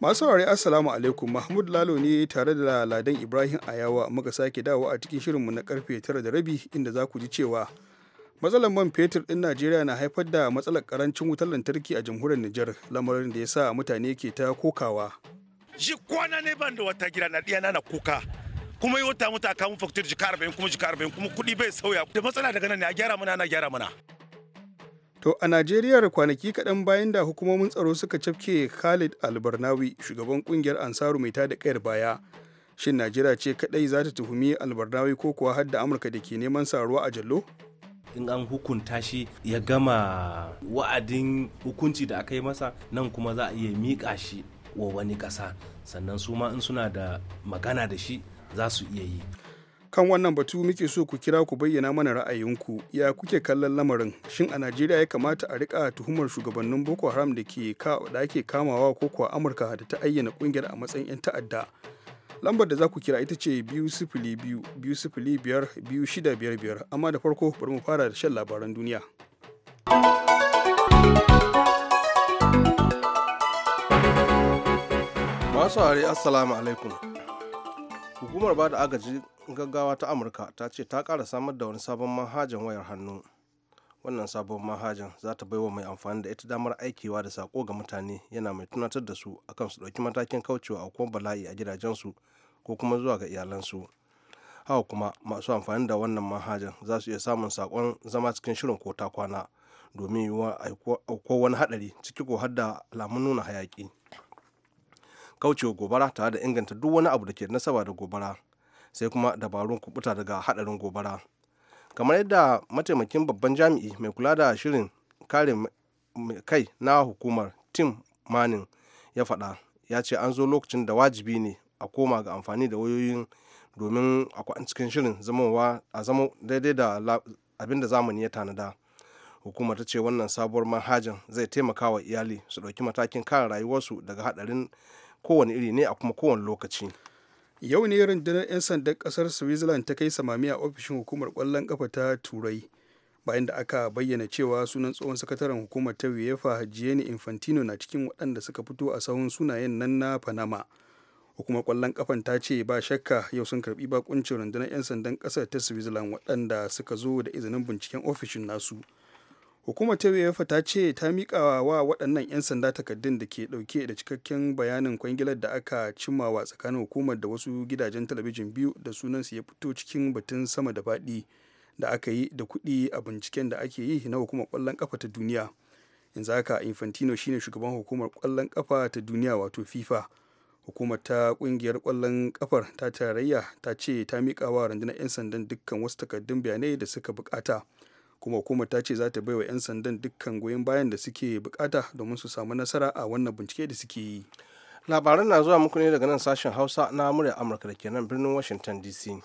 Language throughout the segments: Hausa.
masu saurari assalamu alaikum mahmud lalo ne tare da ladan ibrahim ayawa muka sake dawo a cikin shirinmu na karfe tara da rabi inda za ku ji cewa matsalar man fetur din najeriya na haifar da matsalar karancin wutar lantarki a jamhuriyar nijar lamarin da ya sa mutane ke ta kokawa shi kwana ne ban da wata gida na ɗiya na kuka kuma yi wata mutu a kamun jika arba'in kuma jika arba'in kuma kuɗi bai sauya da matsala daga nan ne a gyara mana ana gyara mana To a najeriya kwanaki kaɗan bayan da hukumomin tsaro suka cafke Khalid Albarnawi shugaban kungiyar Ansaru mai tada kayar baya. Shin Najeriya ce kaɗai za ta tuhumi Albarnawi ko kuwa har da Amurka da ke neman saruwa a jallo? in an hukunta shi ya gama wa'adin hukunci da aka yi masa nan kuma za a iya miƙa shi wa wani ƙasa sannan su ma in suna da magana da shi za su iya yi kan wannan batu muke so ku kira ku bayyana mana ra'ayinku ya kuke kallon lamarin shin a najeriya ya kamata a rika tuhumar shugabannin boko haram da ke da ake kamawa ko kuwa amurka da ta ayyana kungiyar a matsayin 'yan ta'adda lambar da za ku kira ita ce biyu sifili biyu biyu sifili biyar biyu shida biyar biyar amma da farko bari mu fara da shan labaran duniya masu hari assalamu alaikum hukumar ba da agajin gaggawa ta amurka ta ce ta kara samar da wani sabon manhajan wayar hannu wannan sabon manhajan za ta baiwa mai amfani da ita damar aikewa da sako ga mutane yana mai tunatar da su akan su ɗauki matakin kaucewa a kowane bala'i a gidajensu ko kuma zuwa ga iyalansu haka kuma masu amfani da wannan manhajan za su iya samun sakon zama cikin shirin ko ta kwana domin yiwuwa aukuwar wani haɗari ciki ko har da alamun nuna hayaƙi kaucewa gobara tare da inganta duk wani abu da ke nasaba da gobara sai kuma dabarun kubuta daga hadarin gobara kamar yadda mataimakin babban jami'i mai kula da shirin kare kai na hukumar tim manin ya faɗa ya ce an zo lokacin da wajibi ne a koma ga amfani da wayoyin domin a cikin shirin zamowa a zamo daidai da abin da zamani ya tanada hukumar ta ce wannan sabuwar manhajan zai taimaka wa iyali su ɗauki matakin kare rayuwarsu daga haɗarin kowane iri ne a kuma kowane lokaci yau ne rundunar 'yan sandan kasar switzerland ta kai samami a ofishin hukumar kwallon kafa ta turai bayan da aka bayyana cewa sunan tsohon sakataren hukumar ta uefa gianni infantino na cikin waɗanda suka fito a sahun sunayen nan na panama hukumar kwallon kafan ta ce ba shakka yau sun karbi bakuncin rundunar 'yan sandan kasar ta switzerland waɗanda suka zo da izinin binciken ofishin nasu hukumar ta uefa ta ce ta miƙa wa waɗannan 'yan sanda takardun da ke ɗauke da cikakken bayanin kwangilar da aka cimmawa tsakanin hukumar da wasu gidajen talabijin biyu da sunansu ya fito cikin batun sama da faɗi da aka yi da kuɗi a binciken da ake yi na hukumar ƙwallon ƙafa ta duniya yanzu haka infantino shine shugaban hukumar ƙwallon ƙafa ta duniya wato fifa hukumar ta kungiyar kwallon kafar ta tarayya ta ce ta miƙa wa rundunar 'yan sandan dukkan wasu takardun bayanai da suka buƙata. kuma hukumar ta ce za ta baiwa 'yan sandan dukkan goyon bayan da suke bukata domin su samu nasara a wannan bincike da suke yi labaran na zuwa muku ne daga nan sashen hausa na murya amurka da ke nan birnin washington dc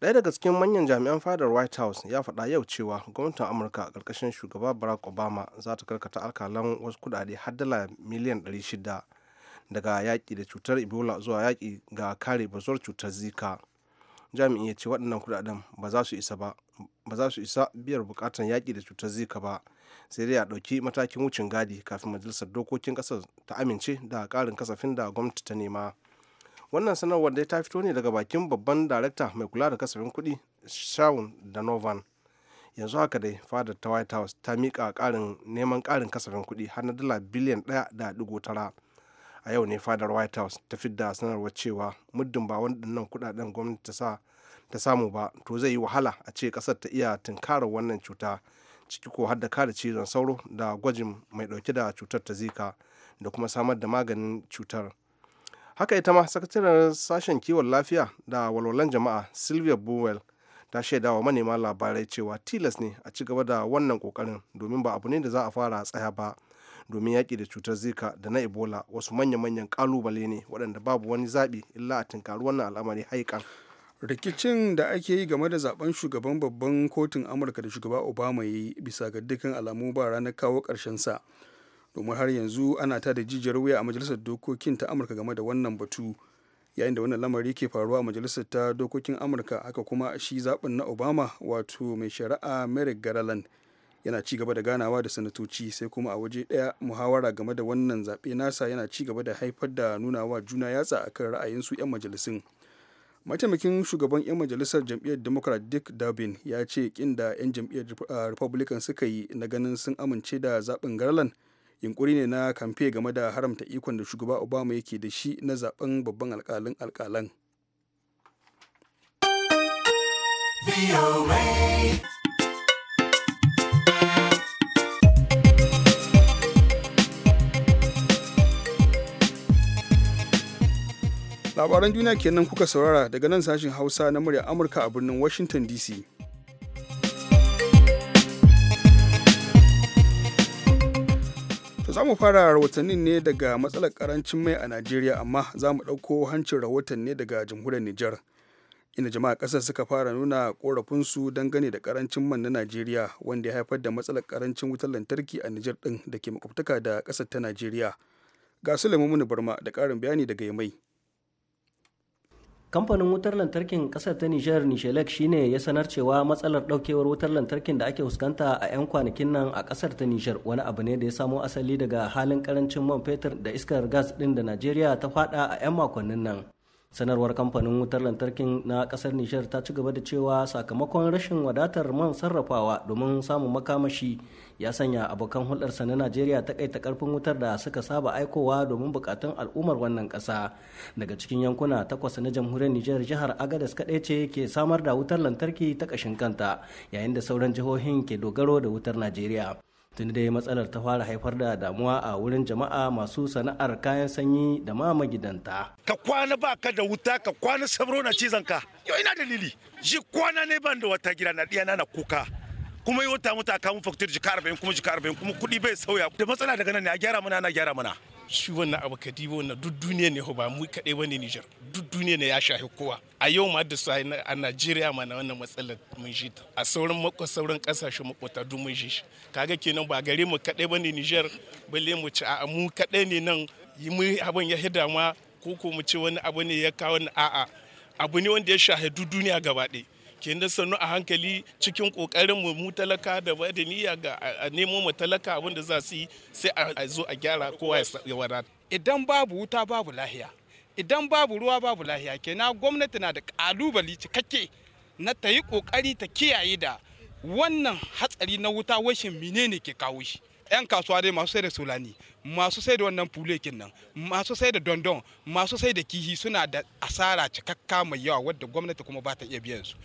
ɗaya daga cikin manyan jami'an fadar white house ya faɗa yau cewa gwamnatin amurka a ƙarƙashin shugaba barack obama za ta karkata alkalan wasu kuɗaɗe har dala miliyan 600 daga yaƙi da cutar ebola zuwa yaƙi ga kare bazuwar cutar zika jami'in ya ce waɗannan kuɗaɗen ba za su isa ba ba za su isa biyar bukatan yaƙi da cutar zika ba sai dai a ɗauki matakin wucin gadi kafin majalisar dokokin ƙasar ta amince da ƙarin kasafin da gwamnati ta nema wannan sanarwar dai ta fito ne daga bakin babban darakta mai kula da kasafin kuɗi shawun novan yanzu haka dai fadar ta white house ta miƙa ƙarin neman ƙarin kasafin kuɗi har na dala biliyan ɗaya da ɗigo tara a yau ne fadar white house ta fidda sanarwar cewa muddin ba waɗannan kuɗaɗen gwamnati ta sa ta samu ba to zai yi wahala a ce kasar ta iya tunkarar wannan cuta ciki ko har da kare cizon sauro da gwajin mai dauke da cutar ta zika da kuma samar da maganin cutar haka ita ma sakataren sashen kiwon lafiya da walwalan jama'a sylvia bowell ta shaida wa manema labarai cewa tilas ne a ci gaba da wannan kokarin domin ba abu ne da za a fara tsaya ba domin yaƙi da cutar zika da na ebola wasu manya-manyan ƙalubale ne waɗanda babu wani zaɓi illa a tunkari wannan al'amari haikan rikicin da ake yi game da zaben shugaban babban kotun amurka da shugaba obama ya yi bisa ga dukkan alamu ba ranar kawo karshen sa domin har yanzu ana ta da jijiyar wuya a majalisar dokokin ta amurka game da wannan batu yayin da wannan lamari ke faruwa a majalisar ta dokokin amurka haka kuma shi zaben na obama wato mai shari'a merrick garland yana ci gaba da ganawa da sanatoci sai kuma a waje ɗaya muhawara game da wannan zaɓe nasa yana ci gaba da haifar da nunawa juna yatsa akan ra'ayinsu 'yan majalisun mataimakin shugaban 'yan majalisar jam'iyyar democrat dick durbin ya ce kin da 'yan jam'iyyar republican suka yi na ganin sun amince da zaben garland yunkuri ne na kamfe game da haramta ikon da shugaba obama yake da shi na zaben babban alkalin alkalan labaran duniya kenan kuka saurara daga nan sashen hausa na murya amurka a birnin washington dc To za mu fara rahotannin ne daga matsalar karancin mai a Najeriya amma za mu ɗauko hancin rahoton ne daga jamhuriyar Nijar. Inda jama'a ƙasar suka fara nuna ƙorafinsu dangane da karancin man na Najeriya wanda ya haifar da matsalar karancin wutar lantarki a Nijar ɗin da ke makwabtaka da ƙasar ta Najeriya. Ga Sulaiman Muni Barma da ƙarin bayani daga Yamai. kamfanin wutar lantarkin kasar ta nijar nishelek shine ya sanar cewa matsalar daukewar wutar lantarkin da ake fuskanta a 'yan kwanakin nan a kasar ta nijar wani abu ne da ya samo asali daga halin karancin man fetur da iskar gas din da najeriya ta fada a 'yan makonnin nan sanarwar kamfanin wutar lantarkin na kasar nijar ta ci gaba da cewa sakamakon rashin wadatar man sarrafawa domin samun makamashi ya sanya abokan hulɗarsa na najeriya ta kaita karfin wutar da suka saba aikowa domin bukatun al'ummar wannan ƙasa daga cikin yankuna takwas na jamhuriyar nijar jihar agadas kaɗai ce ke samar da wutar lantarki ta ƙashin kanta yayin da sauran jihohin ke dogaro da wutar najeriya tun dai matsalar ta fara haifar da damuwa a wurin jama'a masu sana'ar kayan sanyi da ma magidanta. Ka kwana ba da wuta ka kwana sabro na cizon Yau ina dalili. shi kwana ne ban da wata gida na ɗiya na kuka. kuma yau ta mutu a kamun faktir jika arba'in kuma jika arba'in kuma kudi bai sauya da matsala daga nan ne a gyara mana na gyara mana shi wannan abu ka dibo na duk duniya ne ba mu kaɗai wani ne Nijar duk duniya ne ya shahi kowa a yau ma da su a Najeriya ma na wannan matsala mun shi ta a sauran makon sauran kasashe makwata duk mun shi Ka kaga kenan ba gare mu kaɗai wani ne Nijar balle mu ci a mu kaɗai ne nan yi mu abin ya hida ma ko ko mu ce wani abu ne ya kawo a'a abu ne wanda ya shahi duk duniya gaba ɗaya kin da sannu a hankali cikin kokarin mu mu talaka da niyya ga a nemo mu talaka abin da za su yi sai a zo a gyara kowa ya wadata idan babu wuta babu lahiya idan babu ruwa babu lahiya kenan gwamnati na da kalubali cikakke na ta yi kokari ta kiyaye da wannan hatsari na wuta washin menene ke kawo shi yan kasuwa dai masu sai da solani masu sai da wannan fulekin kinnan masu sai da dondon masu sai da kihi suna da asara cikakka mai yawa wadda gwamnati kuma ba ta iya biyan su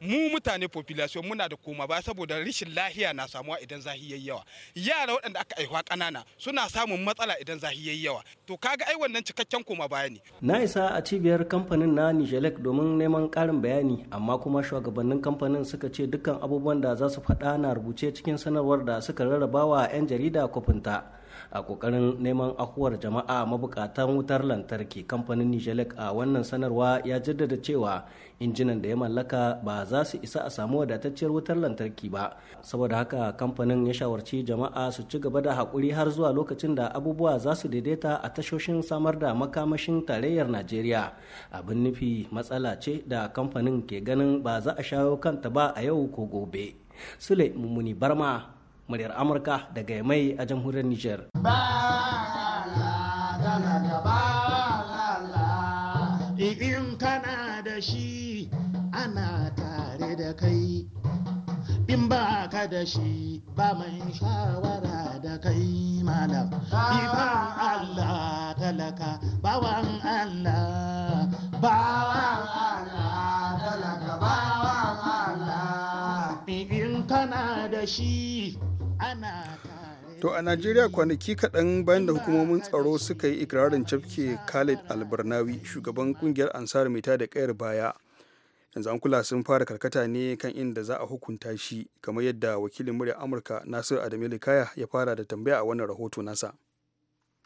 mu mutane population muna da koma ba saboda rashin lahiya na samuwa idan zahi yayi yawa yara waɗanda aka aihuwa ƙanana suna samun matsala idan zahi yayi yawa to kaga ai wannan cikakken koma baya ne na isa a cibiyar kamfanin na Nijelek domin neman karin bayani amma kuma shugabannin kamfanin suka ce dukkan abubuwan da za su faɗa na rubuce cikin sanarwar da suka rarrabawa 'yan jarida kofinta a kokarin neman akuwar jama'a mabukatan wutar lantarki kamfanin nijelek a wannan sanarwa ya jaddada cewa injinan da ya mallaka ba za su isa a samu wadatacciyar wutar lantarki ba saboda haka kamfanin ya shawarci jama'a su ci gaba da haƙuri har zuwa lokacin da abubuwa za su daidaita a tashoshin samar da makamashin tarayyar najeriya abin nufi matsala ce da kamfanin ke ganin ba za a shawo kanta ba a yau ko gobe sule mummuni barma muryar amurka daga mai a jamhuriyar niger in kana da shi ana tare da kai in ba ka da shi ba mai shawara da kai malam ifan allah talaka bawan allah bawan allah talaka bawan allah in kana da shi To a Najeriya kwanaki kaɗan bayan da hukumomin tsaro suka yi ikirarin cafke Khalid Albarnawi shugaban kungiyar Ansar Mita da ƙayar baya. Yanzu an kula sun fara karkata ne kan inda za a hukunta shi kamar yadda wakilin muryar Amurka Nasir Adamu Kaya ya fara da tambaya a wannan rahoto nasa.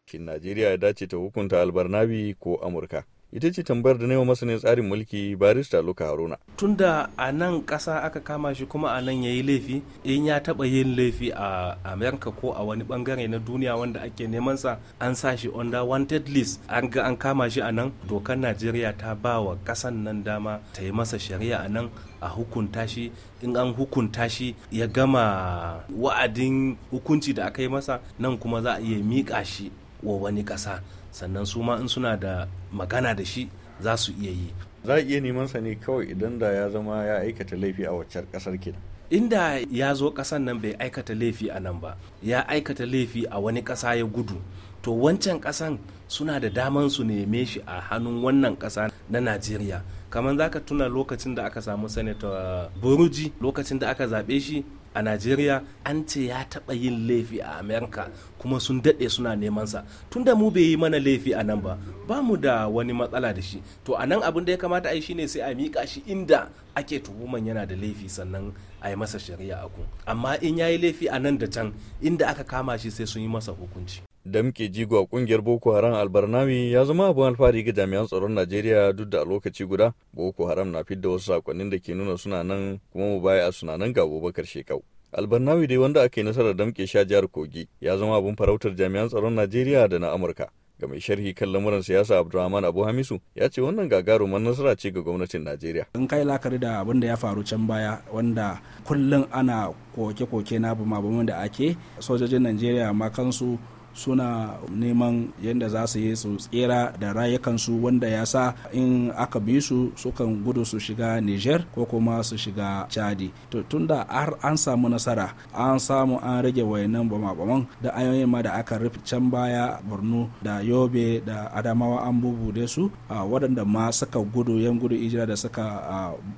Shin Najeriya ya dace ta hukunta Albarnawi ko Amurka? ita ce tambayar da nema masanin tsarin mulki barista luka haruna tunda a nan ƙasa aka kama shi kuma a nan ya yi laifi in ya taɓa yin laifi a amerika ko a wani bangare na duniya wanda ake neman sa an sa shi under wanted list an ga an kama shi a nan dokar najeriya ta ba wa ƙasan nan dama ta yi masa shari'a a nan a hukunta shi in an hukunta shi ya gama wa'adin hukunci da aka yi masa nan kuma za a iya miƙa shi wa wani ƙasa sannan su ma in suna da magana da shi za su iya yi za a iya neman sa ne kawai idan da ya zama ya aikata laifi a waccar kasar kenan inda ya zo kasan nan bai aikata laifi a nan ba ya aikata laifi a wani kasa ya gudu to wancan kasan suna da daman su neme shi a hannun wannan kasa na najeriya kamar za ka tuna lokacin da aka samu sanata buruji lokacin da aka zaɓe shi a najeriya an ce ya taɓa yin laifi a amerika kuma sun daɗe suna neman sa tunda mu bai yi mana laifi a nan ba ba mu da wani matsala da shi to a nan abin da ya kamata a yi shine sai a miƙa shi inda ake tuhuman yana da laifi sannan a yi masa shari'a a kun amma in ya yi laifi a nan da can inda aka kama shi sai sun yi masa hukunci damke jigo a kungiyar boko haram albarnawi ya zama abin alfahari ga jami'an tsaron najeriya duk da lokaci guda boko haram na fidda wasu sakonnin da ke nuna suna nan kuma mu baya a sunanan ga abubakar shekau albarnawi dai wanda aka yi nasarar damke sha jihar kogi ya zama abin farautar jami'an tsaron najeriya da na amurka ga mai sharhi kan lamuran siyasa abdulrahman abu hamisu ya ce wannan gagarumar nasara ce ga gwamnatin najeriya in kai lakari da abin da ya faru can baya wanda kullum ana koke-koke na bumabumin da ake sojojin najeriya ma kansu suna neman yadda za su yi su tsira da rayukansu wanda ya sa in aka bi su sukan gudu su shiga niger ko kuma su shiga chadi to tunda har an samu nasara an samu an rage wayannan bama-baman da ayoyin ma da aka rufe can baya borno da yobe da adamawa an bubude su wadanda ma suka gudu yan gudu ijira da suka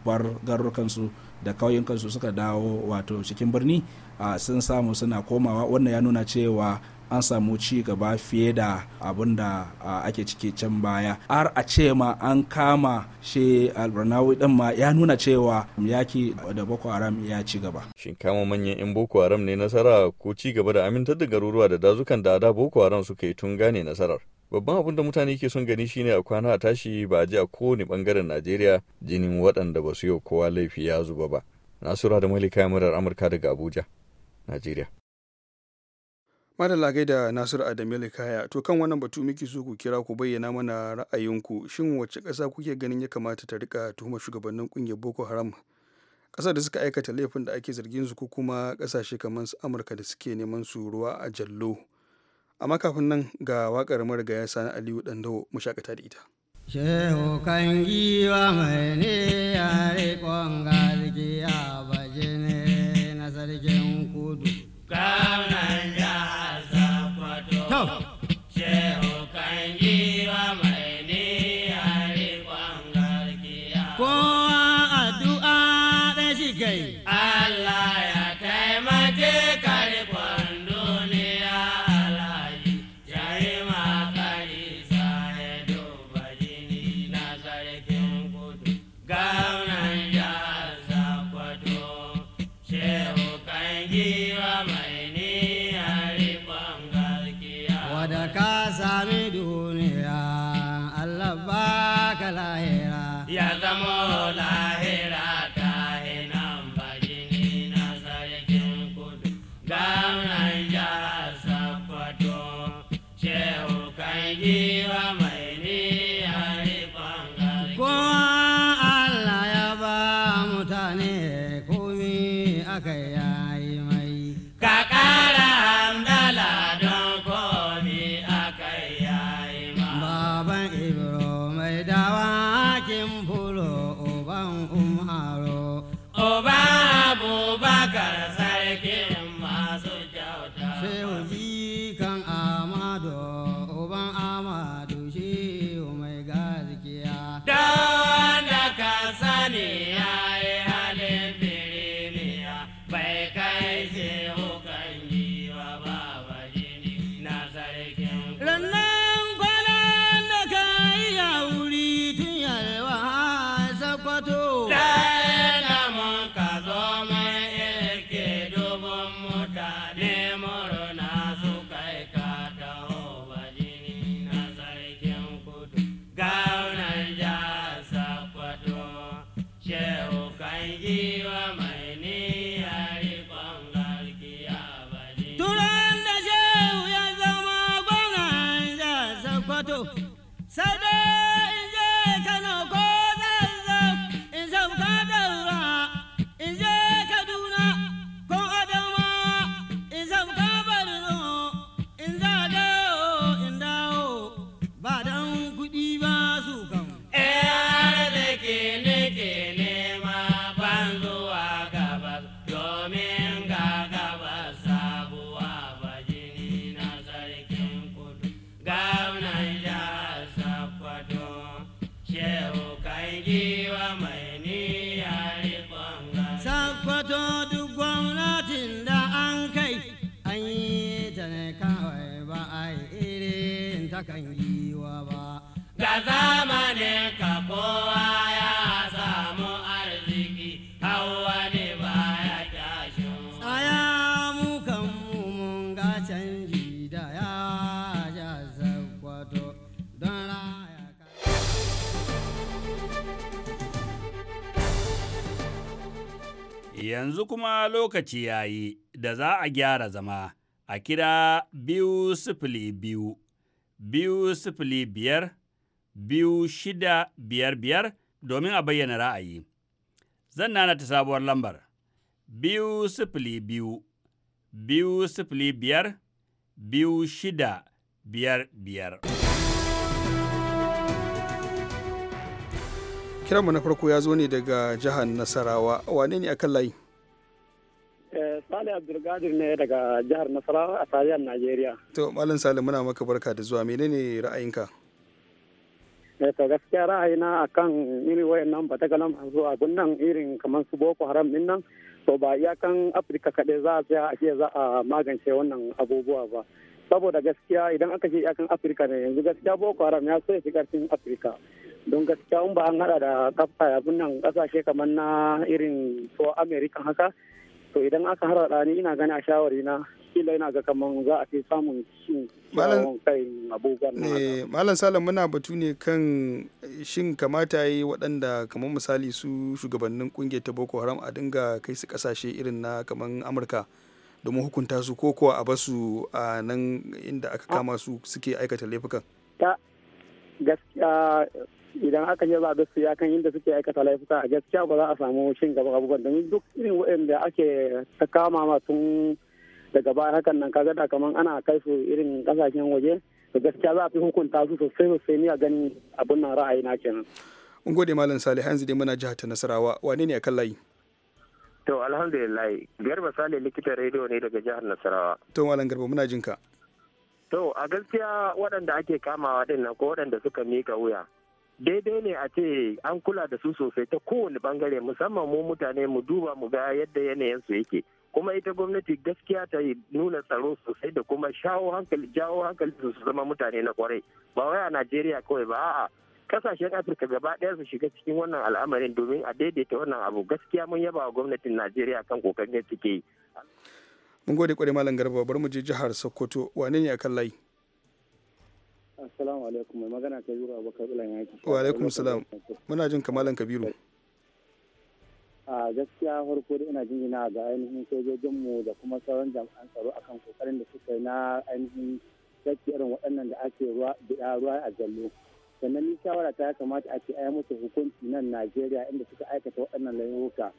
bar garurukansu da kauyukansu suka dawo wato cikin birni sun samu suna komawa wannan ya nuna cewa an samu ci gaba fiye da abin da ake ciki can baya har a ce ma an kama shi albarnawi din ma ya nuna cewa yaki da boko haram ya ci gaba shin kama manyan yan boko haram ne nasara ko ci gaba da amintar da garuruwa da dazukan da da boko haram suka yi tun gane nasarar babban abin da mutane ke son gani shine a kwana a tashi ba a ji a kowane bangaren najeriya jinin waɗanda ba su yi kowa laifi ya zuba ba nasura da malika murar amurka daga abuja najeriya madalla da nasiru adamu kaya to kan wannan batu muke so ku kira ku bayyana mana ra'ayinku shin wacce ƙasa kuke ganin ya kamata ta rika tuhuma shugabannin ƙungiyar boko haram ƙasar da suka aikata laifin da ake zargin su ko kuma ƙasashe kamar su amurka da suke neman su ruwa a jallo amma kafin nan ga waƙar marigaya sani aliyu dandawo mu shakata da ita shehu kan giwa mai ne a riƙon gargiya ne na sarkin kudu kamar ya do. a zamanin ka kowa ya samu arziki hawa ne ba ya kyashin tsaya mu kan mun ga canji da ya ja zakwato don raya ka yanzu kuma lokaci yayi da za a gyara zama a kira biyu sifili biyu biyu sifili biyar biyu shida biyar biyar domin a bayyana ra'ayi. Zan nana ta sabuwar lambar biyu sifili biyu, biyu sifili biyar, biyu shida biyar biyar. Kiranmu na farko ya zo ne daga jihar Nasarawa, wane ne akan layi? Eh, Sale abdulgadir ne daga jihar Nasarawa a tarayyar Najeriya. To, Malam Sale muna maka barka da zuwa, menene ra'ayinka? Eh, ta gaskiya ra'ayina kan irin wayannan ba daga nan masu a nan irin kamar su boko haram din nan to ba iyakan afirka kaɗai za a tsaya a ce za a magance wannan abubuwa ba saboda gaskiya idan aka ce iyakan afirka ne yanzu gaskiya boko haram ya so ya fi karfin afirka don gaskiya ba an haɗa da kafa abin nan kasashe kamar na irin ko amerika haka to idan aka harhaɗa ni ina gani a shawari na kila ina ga kaman za a fi samun cin kai abubuwan na eh, malam salam muna batu ne kan eh, shin kamata yi waɗanda kamar misali su shugabannin kungiyar ta boko haram a dinga kai su kasashe irin na kaman amurka domin hukunta su ko kuwa a basu a nan inda aka kama su suke aikata laifukan gaskiya idan aka yi a gaskiya kan yadda suke aikata laifuka a gaskiya ba za a samu shin gaba abubuwan domin duk irin waɗanda ake ta kama tun daga baya hakan nan kaga da kaman ana kai su irin kasashen waje to gaskiya za a fi hukunta su sosai sosai ni a ganin abin nan ra'ayi na kenan. Mun gode Malam Salih yanzu dai muna jihar ta Nasarawa wane ne a kan layi? To alhamdulillah Garba Salih likitan rediyo ne daga jihar Nasarawa. To Malam Garba muna jinka. ka. To a gaskiya waɗanda ake kamawa ɗin nan ko waɗanda suka mika wuya. Daidai ne a ce an kula da su sosai ta kowane bangare musamman mu mutane mu duba mu ga yadda yanayin su yake. Kuma ita gwamnati gaskiya ta nuna tsaro sosai da kuma shawo hankali jawo hankali su zama mutane na kwarai. Ba wai a Najeriya kawai ba a'a kasashen afirka gaba ɗaya su shiga cikin wannan al'amarin domin a daidaita wannan abu gaskiya mun yaba wa gwamnatin najeriya kan kokarin da yi mun gode kwarai malam garba bari mu je jihar sokoto wane ne akan layi assalamu alaikum mai magana ta a bakar ilan yaki wa alaikum salam muna jin kamalan kabiru a gaskiya farko da ina jinjina ga ainihin sojojinmu da kuma sauran jami'an tsaro akan kokarin da suka yi na ainihin gaskiya irin waɗannan da ake ruwa a jallo sannan ni shawara ta ya kamata a ce a musu hukunci nan najeriya inda suka aikata waɗannan laifuka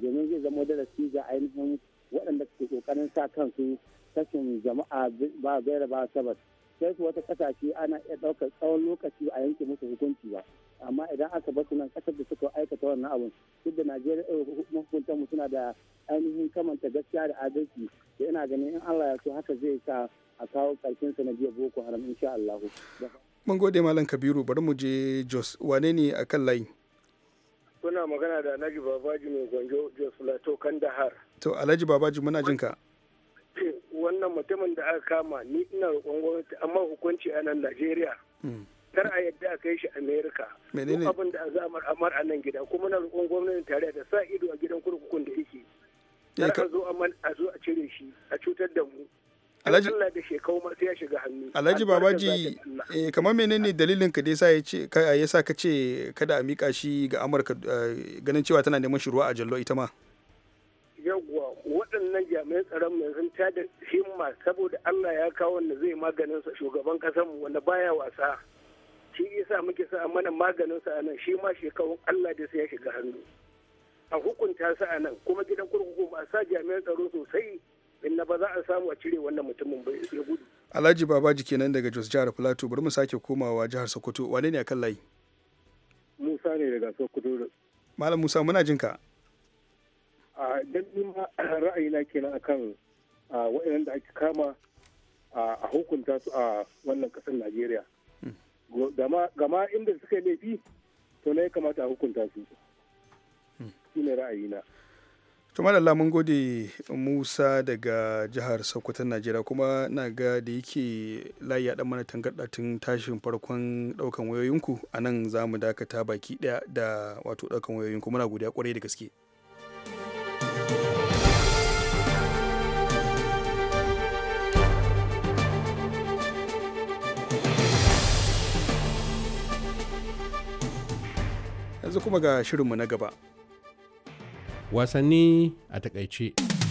domin zai zama darasi ga ainihin waɗanda ke kokarin sa kansu kashin jama'a ba gaira ba sabas sai su wata kasashe ana iya ɗaukar tsawon lokaci a yanke musu hukunci ba amma idan aka bar nan kasar da suka aikata wannan abun duk da najeriya mahukuntan mu suna da ainihin kamanta gaskiya da adalci da ina ganin in allah ya so haka zai sa a kawo ƙarshen sanadiyar boko haram insha allahu mun gode malam kabiru bari mu je jos wane ne a kan layi Kuna magana da Alhaji Babaji mai gwanjo Jos Lato Kandahar. To Alhaji Babaji muna jin ka. Wannan mutumin da aka kama ni ina roƙon gwamnati amma hukunci a nan Najeriya. Hmm. Kar a yadda a kai shi Amerika. Menene? Abin da za a mar a nan gida kuma na roƙon gwamnatin tare da sa ido a gidan kurkukun da yake. Eh, Kar a zo a cire shi a cutar da mu. Alhaji Babaji eh, kamar menene dalilin ka da ya ce ka ce kada a mika shi ga Amurka eh, ganin cewa tana neman shiruwa a Jallo ita ma. Yawwa waɗannan jami'an tsaron mai sun da himma saboda Allah ya kawo wanda zai maganin sa shugaban kasar mu wanda baya wasa. Shi yasa muke sa mana maganin sa anan shi ma shekau Allah da sai ya shiga hannu. A hukunta sa nan kuma gidan kurkuku ba sa jami'an tsaro sosai inna ba za a samu a cire wannan mutumin ba ya gudu alhaji babaji kenan daga jos jihar plateau bari mu sake komawa jihar sokoto wane ne a kan layi musa ne daga sokoto malam musa muna jin ka a dan ra'ayi ra'ayina kenan akan waɗannan da ake kama a hukunta su a wannan ƙasar najeriya hmm. gama inda suka laifi to na ya kamata a hukunta su hmm. ra'ayina to Allah mun gode musa daga jihar sokoto najeriya kuma na ga da yake layi ya mana tangarda tun tashin farkon daukan wayoyinku a nan za mu dakata baki daya da wato ɗaukan wayoyinku muna godiya kwarai da gaske yanzu kuma ga shirinmu na gaba wasanni a takaice.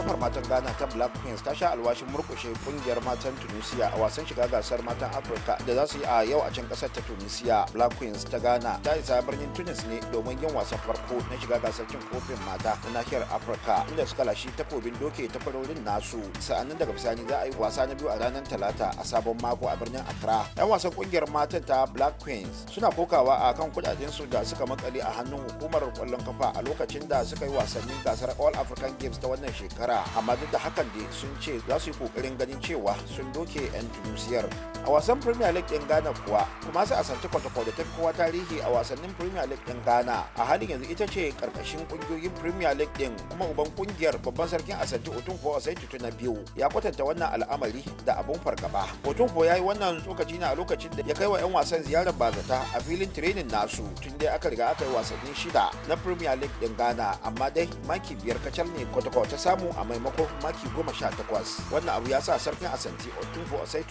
kafar matan ghana ta black prince ta sha alwashin murkushe kungiyar matan tunisia a wasan shiga gasar matan afirka da za su yi a yau a can kasar ta tunisia black prince ta ghana ta isa birnin tunis ne domin yin wasan farko na shiga gasar cin kofin mata na nahiyar afirka inda suka lashi takobin doke ta farorin nasu sa'annan daga bisani za a yi wasa na biyu a ranar talata a sabon mako a birnin accra yan wasan kungiyar matan ta black queens suna kokawa a kan kudaden su da suka makale a hannun hukumar kwallon kafa a lokacin da suka yi wasannin gasar all african games ta wannan shekara nasara amma duk da hakan dai sun ce za su yi kokarin ganin cewa sun doke 'yan tunisiyar a wasan premier league din ghana kuwa kuma su asante kwatakwa da tafi kowa tarihi a wasannin premier league din ghana a halin yanzu ita ce karkashin kungiyoyin premier league din kuma uban kungiyar babban sarkin asante ko a sai na biyu ya kwatanta wannan al'amari da abun fargaba otun ko ya yi wannan tsokaci na a lokacin da ya kai wa 'yan wasan ziyarar bazata a filin tirenin nasu tun dai aka riga aka yi wasannin shida na premier league din ghana amma dai maki biyar kacal ne kwatakwa ta samu a maimakon maki goma sha takwas wannan abu ya sa sarkin asanti otunfo osai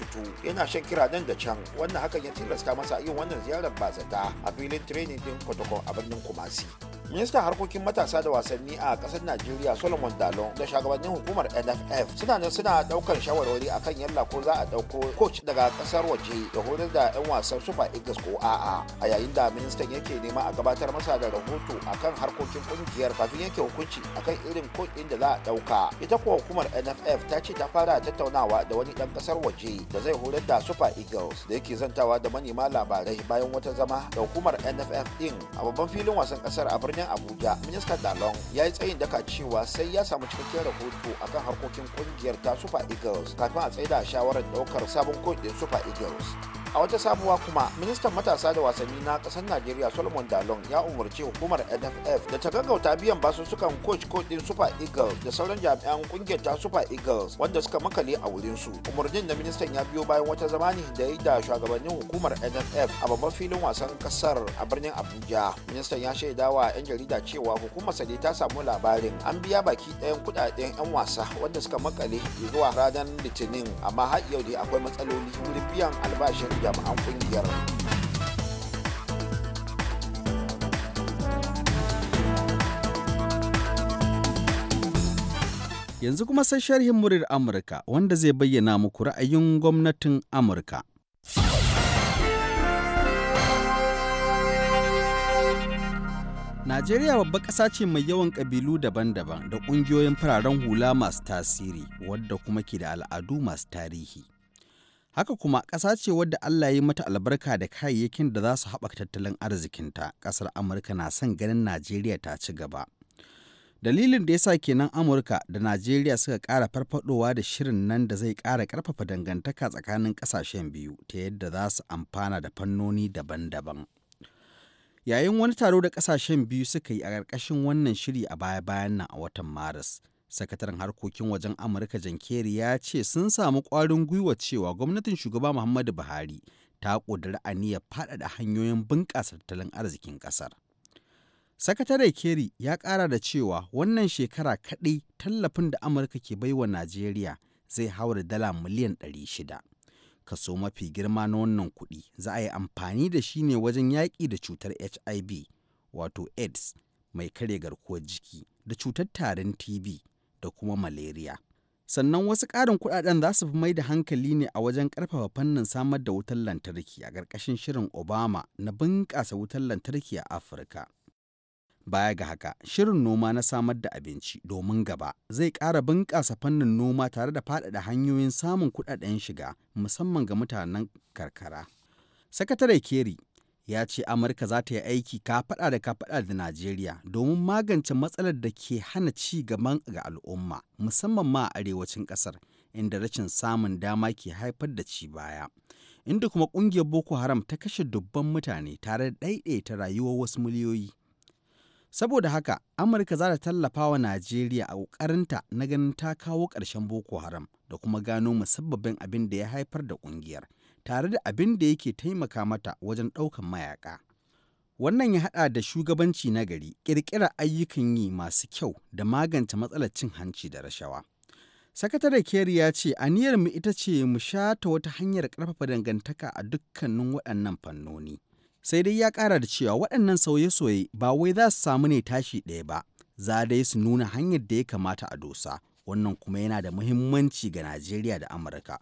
yana shan kira nan da can wannan hakan ya tilasta masa yin wannan ziyarar bazata a filin training din kotoko a birnin kumasi ministan harkokin matasa da wasanni a kasar najeriya solomon Dalo da shugabannin hukumar nff suna nan suna ɗaukar shawarwari akan yalla ko za a dauko coach daga kasar waje da horar da yan wasan super eagles ko a'a a yayin da ministan yake nema a gabatar masa da rahoto akan harkokin kungiyar kafin yake hukunci akan irin coach din da za a dauka ita kuwa hukumar nff ta ce ta fara tattaunawa da wani dan kasar waje da zai horar da super eagles da yake zantawa da manema labarai bayan wata zama da hukumar nff din a babban filin wasan kasar a birnin birnin abuja minista dalon ya yi tsayin daka cewa sai ya samu cikakken rahoto akan harkokin kungiyar ta super eagles kafin a tsaida shawarar daukar sabon kudin super eagles a wata sabuwa kuma ministan matasa da wasanni na kasar najeriya solomon dalon ya umarci hukumar nff da ta gaggauta biyan basussukan coach coach din super eagles da sauran jami'an kungiyar ta super eagles wanda suka makale a wurin su umarnin da ministan ya biyo bayan wata zamani da ya da shugabannin hukumar nff a babban filin wasan kasar a birnin abuja ministan ya shaida wa yan jarida cewa hukumar sa ta samu labarin an biya baki ɗayan kuɗaɗen yan wasa wanda suka makale zuwa ranar litinin amma har yau dai akwai matsaloli wurin biyan albashin jama'an kungiyar yanzu kuma sai sharhin murir amurka wanda zai bayyana muku ra'ayin gwamnatin amurka Najeriya babba ƙasa ce mai yawan ƙabilu daban-daban da ƙungiyoyin fararen hula masu tasiri wadda kuma ke da al'adu masu tarihi. haka kuma ƙasa ce wadda Allah ya mata albarka da kayayyakin da za su haɓaka tattalin arzikinta ƙasar Amurka na son ganin Najeriya ta ci gaba. Dalilin da ya sa kenan Amurka da Najeriya suka ƙara farfadowa da shirin nan da zai ƙara ƙarfafa dangantaka tsakanin ƙasashen biyu ta yadda za su amfana da fannoni daban-daban. Yayin wani taro da ƙasashen biyu suka yi a ƙarƙashin wannan shiri a baya-bayan nan a watan Maris. sakataren harkokin wajen amurka jan Keri, ya ce sun samu ƙwarin gwiwa cewa gwamnatin shugaba muhammadu buhari ta ƙudiri aniyar faɗaɗa hanyoyin bunƙasa tattalin arzikin ƙasar sakatare Keri ya ƙara da cewa wannan shekara kaɗai tallafin da amurka ke baiwa najeriya zai haura dala miliyan 600 kaso mafi girma na wannan kuɗi za a yi amfani da shi ne wajen yaƙi da cutar hiv wato aids mai kare garkuwar jiki da cutar tarin tb da kuma malaria. Sannan wasu ƙarin kuɗaɗen za su fi mai da hankali ne a wajen ƙarfafa fannin samar da wutar lantarki a ƙarƙashin shirin Obama na bunƙasa wutar lantarki a Afirka. Baya ga haka, shirin noma na samar da abinci domin gaba zai ƙara bunƙasa fannin noma tare da faɗaɗa hanyoyin samun kuɗaɗen shiga musamman ga mutanen karkara. Sakatare Kerry ya ce amurka za ta yi aiki ka kafaɗa da ka kafaɗa da najeriya domin magance matsalar da ke hana ci gaban ga al'umma musamman ma a arewacin ƙasar inda rashin samun dama ke haifar da ci baya inda kuma ƙungiyar boko haram ta kashe dubban mutane tare da ɗaiɗaita rayuwar wasu miliyoyi saboda haka amurka za ta tallafa wa najeriya a ƙoƙarinta na ganin ta kawo ƙarshen boko haram da kuma gano musabbabin abin da ya haifar da ƙungiyar tare da abin da yake taimaka mata wajen ɗaukan mayaka. Wannan ya haɗa da shugabanci na gari, ƙirƙirar ayyukan yi masu kyau da magance matsalar cin hanci da rashawa. Sakatare Kerry ya ce aniyarmu ita ce mu shata wata hanyar ƙarfafa dangantaka a dukkanin waɗannan fannoni. Sai dai ya ƙara da cewa waɗannan sauye-sauye ba wai za su samu ne tashi ɗaya ba, za dai su nuna hanyar da ya kamata a dosa. Wannan kuma yana da muhimmanci ga Najeriya da Amurka.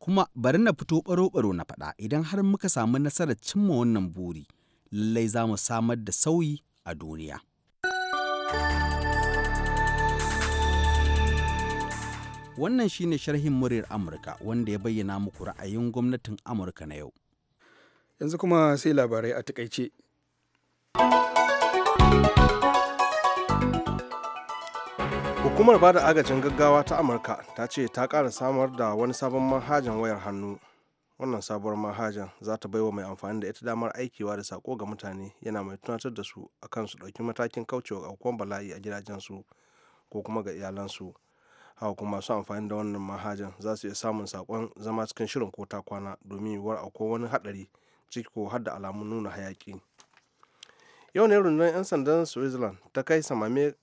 Kuma bari na fito baro-baro na faɗa idan har muka samu nasarar cimma wannan buri, lallai za mu samar da sauyi a duniya. Wannan shi ne sharhin muryar Amurka wanda ya bayyana muku ra'ayin gwamnatin Amurka na yau. Yanzu kuma sai labarai a takaice. hukumar ba da agajin gaggawa ta amurka ta ce ta kara samar da wani sabon manhajan wayar hannu wannan sabuwar manhajan za ta baiwa mai amfani da ita damar aikiwa da sako ga mutane yana mai tunatar da su akan su ɗauki matakin kaucewa aukuwan bala'i a gidajensu ko kuma ga iyalansu haka kuma masu amfani da wannan manhajan za su iya samun sakon zama cikin shirin ko ta kwana domin yiwuwar akwai wani haɗari ciki ko har da alamun nuna hayaƙi yau ne rundunar 'yan sandan switzerland ta kai samame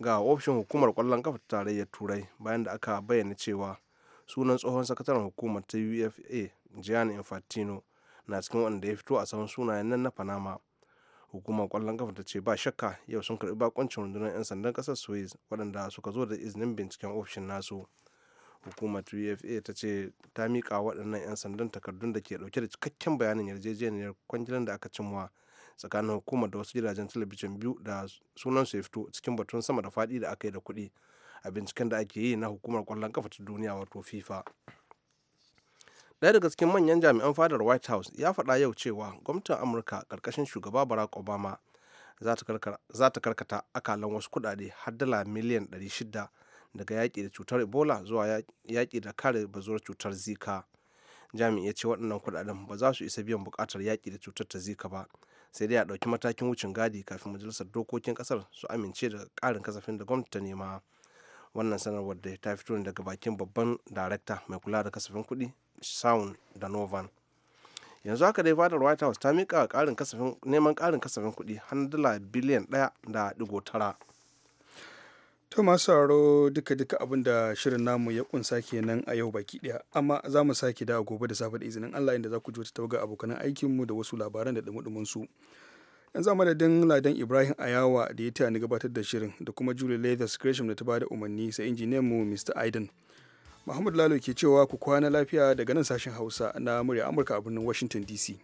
ga ofishin hukumar kwallon kafa ta tarayyar turai bayan da aka bayyana cewa sunan tsohon sakataren hukumar ta ufa gianni infantino na cikin wanda ya fito a saman sunayen nan na panama hukumar kwallon kafa ta ce ba shakka yau sun karbi bakoncin rundunar 'yan sandan kasar swiss waɗanda suka zo da izinin binciken ofishin nasu hukumar ufa ta ce ta miƙa waɗannan 'yan sandan takardun da ke ɗauke da cikakken bayanin yarjejeniyar kwangilan da aka cimwa tsakanin hukumar da wasu gidajen talabijin biyu da sunan su ya fito cikin batun sama da faɗi da aka yi da kuɗi a binciken da ake yi na hukumar kwallon kafa ta duniya wato fifa ɗaya daga cikin manyan jami'an fadar white house ya faɗa yau cewa gwamnatin amurka ƙarƙashin shugaba barack obama za ta karkata akalan wasu kuɗaɗe har dala miliyan 600 daga yaƙi da cutar ebola zuwa yaƙi da kare bazuwar cutar zika jami'in ya ce waɗannan kuɗaɗen ba za su isa biyan buƙatar yaƙi da cutar ta zika ba sai dai a ɗauki matakin wucin gadi kafin majalisar dokokin kasar su amince da ƙarin kasafin da gwamnati ta nema wannan sanarwar da ta fito ne daga bakin babban darakta mai kula da kasafin kuɗi sound da novan yanzu haka dai fadar white house ta miƙa neman ƙarin kasafin kuɗi har dala biliyan ɗaya da digo tara To masu sauraro duka-duka abin da shirin namu ya kunsa kenan a yau baki daya amma za mu sake da gobe da safe da izinin Allah inda za ku ji wata tawaga abokanan aikinmu da wasu labaran da dumudumin su. Yanzu a madadin Ladan Ibrahim Ayawa da ya taya ni gabatar da shirin da kuma Julie Leathers Gresham da ta bada umarni sai injiniyan mu Mr. Aidan. Muhammad Lalo ke cewa ku kwana lafiya daga nan sashen Hausa na murya Amurka a birnin Washington DC.